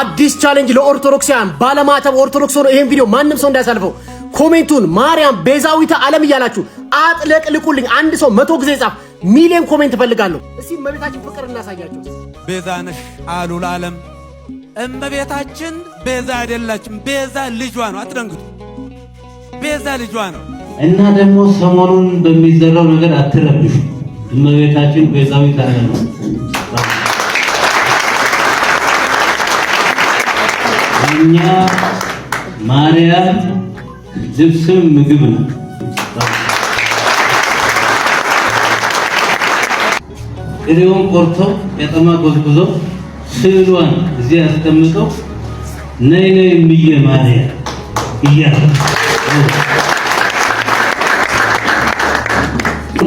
አዲስ ቻሌንጅ ለኦርቶዶክሳውያን ባለማተብ ኦርቶዶክስ ሆኖ ይሄን ቪዲዮ ማንም ሰው እንዳያሳልፈው ኮሜንቱን ማርያም ቤዛዊተ ዓለም እያላችሁ አጥለቅልቁልኝ። አንድ ሰው መቶ ጊዜ ጻፍ፣ ሚሊዮን ኮሜንት እፈልጋለሁ። እስቲ እመቤታችን ፍቅር እናሳያቸው። ቤዛ ነሽ አሉ ለዓለም። እመቤታችን ቤዛ አይደላችም። ቤዛ ልጇ ነው። አትደንግጡ። ቤዛ ልጇ ነው እና ደግሞ ሰሞኑን በሚዘራው ነገር አትረብሹ። እመቤታችን ቤዛዊተ ዓለም ነው። እኛ ማርያም ልብስም ምግብ ነው። ቅቤውን ቆርተው የጠማ ጎዝጉዘው ስዕሏን እዚህ አስቀምጠው ነይ ነይ እምዬ ማርያም እያለ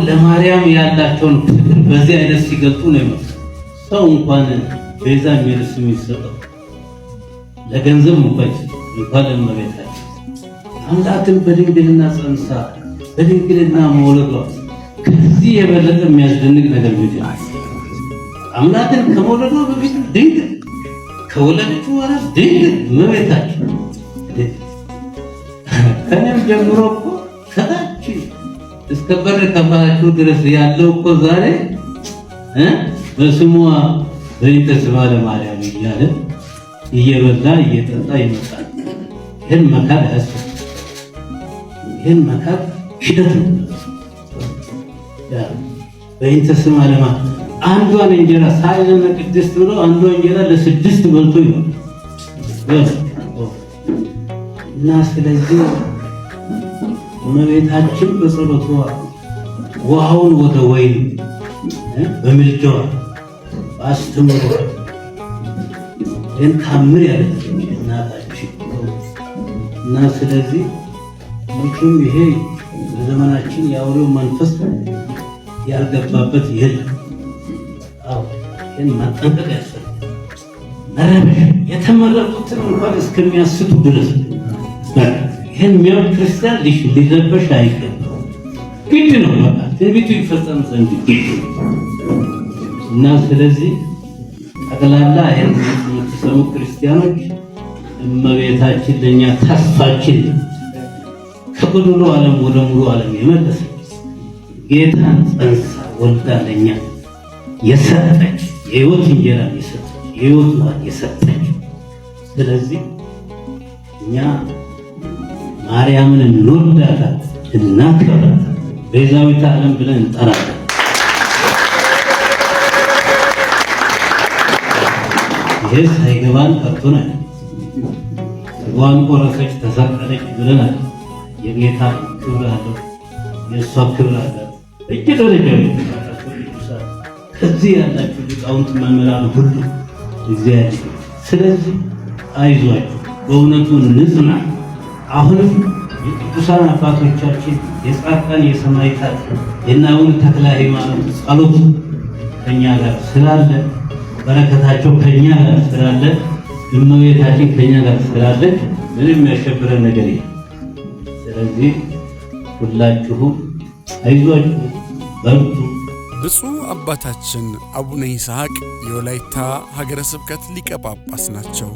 ለማርያም ያላቸውን ፍቅር በዚህ አይነት ሲገልጡ ነው ሰው እንኳን ቤዛ የሚል ስም ይሰጠው። ለገንዘብ ሙፈጅ እንኳን እመቤታችን አምላክን በድንግልና ጸንሳ በድንግልና መውለዷ ከዚህ የበለጠ የሚያስደንቅ ነገር ልጅ አምላክን ከመውለዷ በፊት ድንግል ከወለደች በኋላ ድንግል እመቤታችን ከእኔም ጀምሮ እኮ ከታች እስከ በር ከፋችሁ ድረስ ያለው እኮ ዛሬ በስሟ በይተስማ ለማርያም እያለን እየበላ እየጠጣ ይመጣል። ይህን መካድ አያስፈልግም። ይህን መካድ ሂደት ነው። በይንተ ስማ ለማት አንዷን እንጀራ ሳይለነ ቅድስት ብሎ አንዷ እንጀራ ለስድስት በልቶ ይሆናል እና ስለዚህ እመቤታችን በጸሎቷ ውሃውን ወደ ወይን በምልጃዋ አስተምሯል። ግን ታምር ያለች እናታች እና ስለዚህ ምክም ይሄ በዘመናችን የአውሬው መንፈስ ያልገባበት የለም። አዎ ግን መጠንቀቅ ያስፈልጋል። መረበሽ የተመረጡትን እንኳን እስከሚያስቱ ድረስ ይህን የሚያው ክርስቲያን ሊዘበሽ አይገባው፣ ግድ ነው። በቃ ትንቢቱ ይፈጸም ዘንድ ግድ እና ስለዚህ ጠቅላላ የምትሰሙ ክርስቲያኖች እመቤታችን ለእኛ ተስፋችን ከጉዱሉ ዓለም ወደ ሙሉ ዓለም የመለሰ ጌታን ጸንሳ ወልዳ ለእኛ የሰጠች የህይወት እንጀራ የሰጠች የህይወት ውሃን የሰጠች። ስለዚህ እኛ ማርያምን እንወዳታል፣ እናከብራታል፣ ቤዛዊት ዓለም ብለን እንጠራለን። ይህ ሳይገባን ፈርቶናል። ስጋዋን ቆረሰች ተሰቀለች ብለናል። የጌታ ክብር አለ የእሷ ክብር አለ። በየደረጃ ከዚህ ያላችሁ ሊቃውንት መምህራን ሁሉ እግዚአብሔር ስለዚህ አይዟችሁ፣ በእውነቱ ንጽና። አሁንም የቅዱሳን አባቶቻችን የጻድቃን የሰማዕታት የናውን ተክለ ሃይማኖት ጸሎት ከእኛ ጋር ስላለ በረከታቸው ከኛ ጋር ስላለ እመቤታችን ከኛ ጋር ስላለች ምንም የሚያሸብረን ነገር የለም። ስለዚህ ሁላችሁም አይዟችሁ በርቱ። ብፁዕ አባታችን አቡነ ይስሐቅ የወላይታ ሀገረ ስብከት ሊቀ ጳጳስ ናቸው።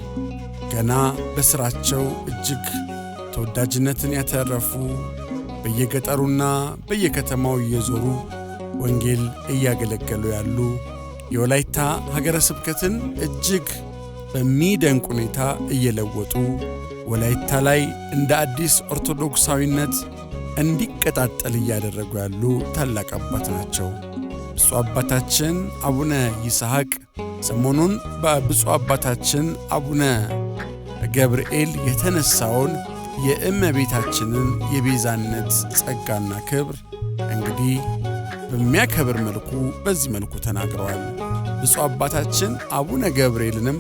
ገና በሥራቸው እጅግ ተወዳጅነትን ያተረፉ በየገጠሩና በየከተማው እየዞሩ ወንጌል እያገለገሉ ያሉ የወላይታ ሀገረ ስብከትን እጅግ በሚደንቅ ሁኔታ እየለወጡ ወላይታ ላይ እንደ አዲስ ኦርቶዶክሳዊነት እንዲቀጣጠል እያደረጉ ያሉ ታላቅ አባት ናቸው። ብፁዕ አባታችን አቡነ ይስሐቅ ሰሞኑን በብፁዕ አባታችን አቡነ ገብርኤል የተነሳውን የእመቤታችንን የቤዛነት ጸጋና ክብር እንግዲህ በሚያከብር መልኩ በዚህ መልኩ ተናግረዋል። ብፁ አባታችን አቡነ ገብርኤልንም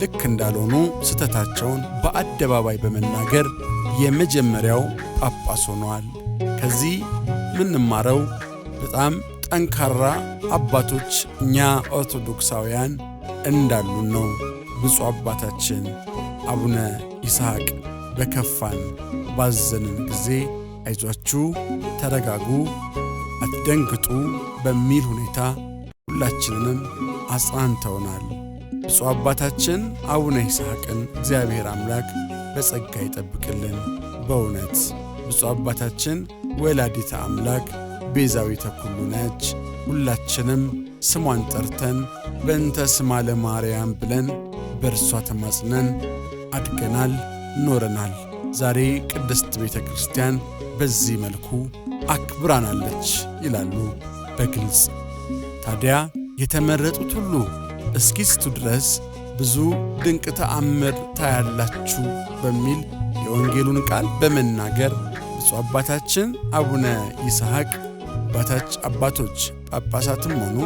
ልክ እንዳልሆኑ ስህተታቸውን በአደባባይ በመናገር የመጀመሪያው ጳጳስ ሆነዋል። ከዚህ የምንማረው በጣም ጠንካራ አባቶች እኛ ኦርቶዶክሳውያን እንዳሉን ነው። ብፁ አባታችን አቡነ ይስሐቅ በከፋን ባዘንን ጊዜ አይዟችሁ፣ ተረጋጉ፣ አትደንግጡ በሚል ሁኔታ ሁላችንንም አጽናንተውናል። ብፁዕ አባታችን አቡነ ይስሐቅን እግዚአብሔር አምላክ በጸጋ ይጠብቅልን። በእውነት ብፁዕ አባታችን ወላዲተ አምላክ ቤዛዊተ ኩሉ ነች። ሁላችንም ስሟን ጠርተን በእንተ ስማ ለማርያም ብለን በእርሷ ተማጽነን አድገናል፣ ኖረናል። ዛሬ ቅድስት ቤተ ክርስቲያን በዚህ መልኩ አክብራናለች ይላሉ በግልጽ ታዲያ የተመረጡት ሁሉ እስኪስቱ ድረስ ብዙ ድንቅ ተአምር ታያላችሁ በሚል የወንጌሉን ቃል በመናገር ብፁዕ አባታችን አቡነ ይስሐቅ አባታች አባቶች ጳጳሳትም ሆኑ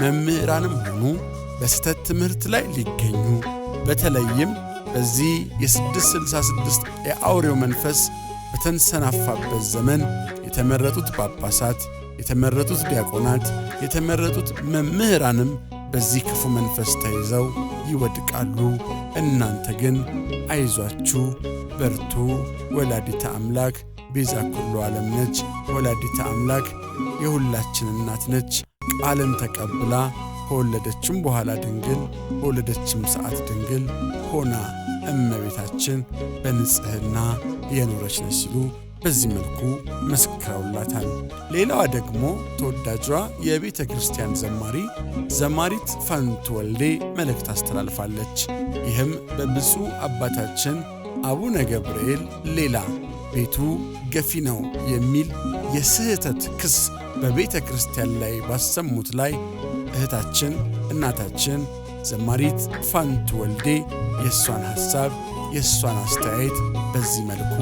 መምህራንም ሆኑ በስህተት ትምህርት ላይ ሊገኙ በተለይም በዚህ የ666 የአውሬው መንፈስ በተንሰናፋበት ዘመን የተመረጡት ጳጳሳት የተመረጡት ዲያቆናት የተመረጡት መምህራንም በዚህ ክፉ መንፈስ ተይዘው ይወድቃሉ። እናንተ ግን አይዟችሁ፣ በርቱ። ወላዲተ አምላክ ቤዛ ኩሉ ዓለም ነች። ወላዲተ አምላክ የሁላችን እናት ነች። ቃልን ተቀብላ ከወለደችም በኋላ ድንግል በወለደችም ሰዓት ድንግል ሆና እመቤታችን በንጽሕና የኖረች ነች ሲሉ በዚህ መልኩ መስክረውላታል። ሌላዋ ደግሞ ተወዳጇ የቤተ ክርስቲያን ዘማሪ ዘማሪት ፋንቱ ወልዴ መልእክት አስተላልፋለች። ይህም በብፁዕ አባታችን አቡነ ገብርኤል ሌላ ቤቱ ገፊ ነው የሚል የስህተት ክስ በቤተ ክርስቲያን ላይ ባሰሙት ላይ እህታችን እናታችን ዘማሪት ፋንቱ ወልዴ የእሷን ሐሳብ የእሷን አስተያየት በዚህ መልኩ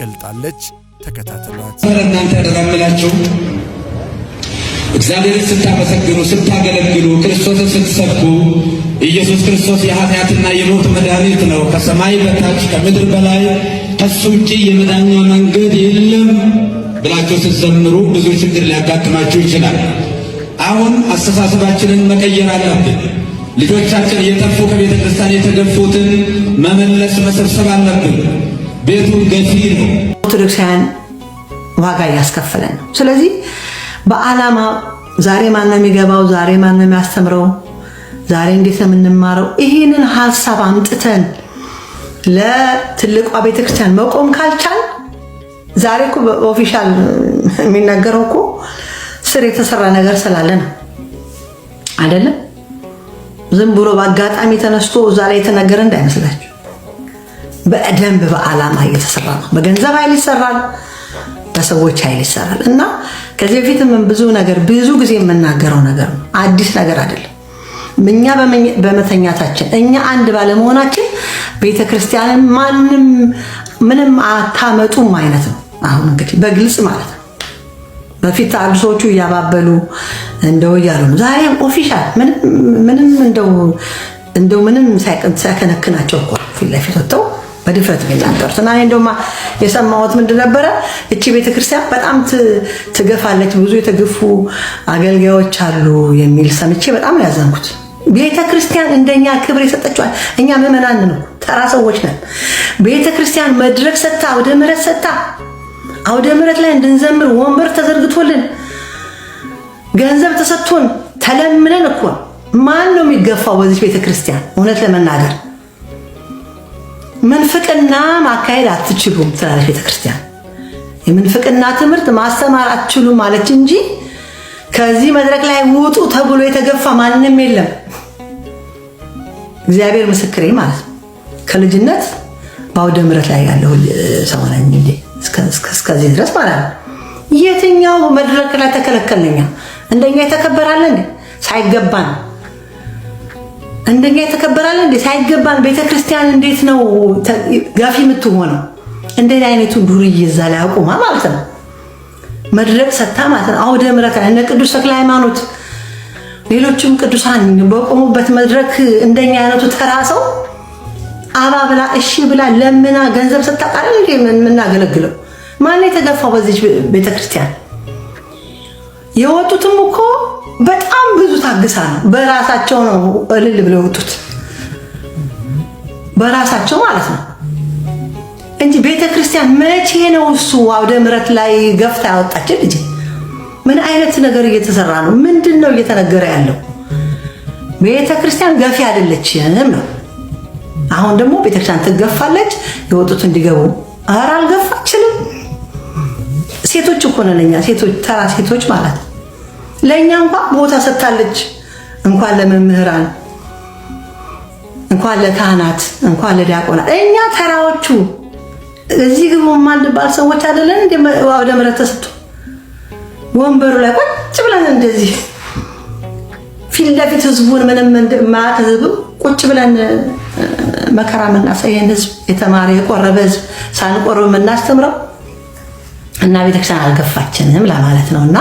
ገልጣለች። ተከታተሏት። እናንተ ደራምላችሁ እግዚአብሔርን ስታመሰግኑ ስታገለግሉ ክርስቶስን ስትሰብኩ ኢየሱስ ክርስቶስ የኃጢአትና የሞት መድኃኒት ነው፣ ከሰማይ በታች ከምድር በላይ ከሱ ውጭ የመዳኛ መንገድ የለም ብላችሁ ስትዘምሩ ብዙ ችግር ሊያጋጥማችሁ ይችላል። አሁን አስተሳሰባችንን መቀየር አለብን። ልጆቻችን እየጠፉ ከቤተ ክርስቲያን የተገፉትን መመለስ መሰብሰብ አለብን። ቤቱ ገፊ ነው። ኦርቶዶክሳውያን ዋጋ እያስከፈለን ነው። ስለዚህ በዓላማ ዛሬ ማነው የሚገባው? ዛሬ ማነው የሚያስተምረው? ዛሬ እንዴት ነው የምንማረው? ይህንን ሀሳብ አምጥተን ለትልቋ ቤተክርስቲያን መቆም ካልቻል ዛሬ እኮ በኦፊሻል የሚናገረው እኮ ስር የተሰራ ነገር ስላለ ነው አይደለም። ዝም ብሎ በአጋጣሚ ተነስቶ እዛ ላይ የተነገረ እንዳይመስላችሁ። በደንብ በዓላማ እየተሰራ ነው። በገንዘብ ኃይል ይሰራል፣ በሰዎች ኃይል ይሰራል እና ከዚህ በፊት ብዙ ነገር ብዙ ጊዜ የምናገረው ነገር ነው። አዲስ ነገር አይደለም። እኛ በመተኛታችን እኛ አንድ ባለመሆናችን ቤተክርስቲያንን ማንም ምንም አታመጡም አይነት ነው። አሁን እንግዲህ በግልጽ ማለት ነው። በፊት አብሶቹ እያባበሉ እንደው እያሉ ነው። ዛሬም ኦፊሻል ምንም እንደው ምንም ሳይከነክናቸው እኮ ፊት ለፊት ወጥተው በድፍረት ጌታን ጠሩት እና እኔ እንደውም የሰማሁት ምንድን ነበረ፣ እቺ ቤተክርስቲያን በጣም ትገፋለች፣ ብዙ የተገፉ አገልጋዮች አሉ የሚል ሰምቼ በጣም ያዘንኩት። ቤተክርስቲያን እንደኛ ክብር የሰጠችዋል። እኛ ምዕመናን ነው፣ ተራ ሰዎች ነን። ቤተክርስቲያን መድረክ ሰታ አውደ ምሕረት ሰጥታ፣ አውደ ምሕረት ላይ እንድንዘምር ወንበር ተዘርግቶልን ገንዘብ ተሰጥቶን ተለምነን እኮ ማን ነው የሚገፋው በዚች ቤተክርስቲያን? እውነት ለመናገር ምንፍቅና ማካሄድ አትችሉም ትላለች ቤተክርስቲያን። የምንፍቅና ትምህርት ማስተማር አትችሉም ማለች እንጂ ከዚህ መድረክ ላይ ውጡ ተብሎ የተገፋ ማንም የለም። እግዚአብሔር ምስክሬ ማለት ነው። ከልጅነት በአውደ ምረት ላይ ያለሁ ሰው ነኝ እስከዚህ ድረስ ማለት ነው። የትኛው መድረክ ላይ ተከለከልነኛ? እንደኛ የተከበራለን ሳይገባን እንደኛ የተከበራል እንዴ? ሳይገባን ቤተክርስቲያን እንዴት ነው ጋፊ የምትሆነው? እንደዚህ አይነቱ ዱርዬ እዛ ላይ አቁማ ማለት ነው መድረቅ ሰታ ማለት ነው። አውደ ምሕረት እነ ቅዱስ ተክለ ሃይማኖት፣ ሌሎችም ቅዱሳን በቆሙበት መድረክ እንደኛ አይነቱ ተራ ሰው አባ ብላ እሺ ብላ ለምና ገንዘብ ሰታ ቃል እንዴ የምናገለግለው ማን የተገፋው በዚህ ቤተክርስቲያን? የወጡትም እኮ በጣም ብዙ ታግሳ ነው። በራሳቸው ነው እልል ብለው የወጡት በራሳቸው ማለት ነው እንጂ ቤተ ክርስቲያን መቼ ነው እሱ አውደ ምረት ላይ ገፍታ ያወጣችን ልጅ? ምን አይነት ነገር እየተሰራ ነው? ምንድን ነው እየተነገረ ያለው? ቤተ ክርስቲያን ገፊ አይደለችም ነው። አሁን ደግሞ ቤተክርስቲያን ትገፋለች። የወጡት እንዲገቡ ኧረ አልገፋችንም። ሴቶች እኮ ነን እኛ ሴቶች፣ ተራ ሴቶች ማለት ለእኛ እንኳን ቦታ ሰጥታለች። እንኳን ለመምህራን፣ እንኳን ለካህናት፣ እንኳን ለዲያቆናት እኛ ተራዎቹ እዚህ ግቡ የማንባል ሰዎች አይደለን። ወደ ምሕረት ተሰጥቶ ወንበሩ ላይ ቁጭ ብለን እንደዚህ ፊት ለፊት ህዝቡን ምንም ማያውቅ ህዝብ ቁጭ ብለን መከራ ምናሳየን ህዝብ የተማረ የቆረበ ህዝብ ሳንቆርብ የምናስተምረው እና ቤተክርስቲያን አልገፋችንም ለማለት ነው እና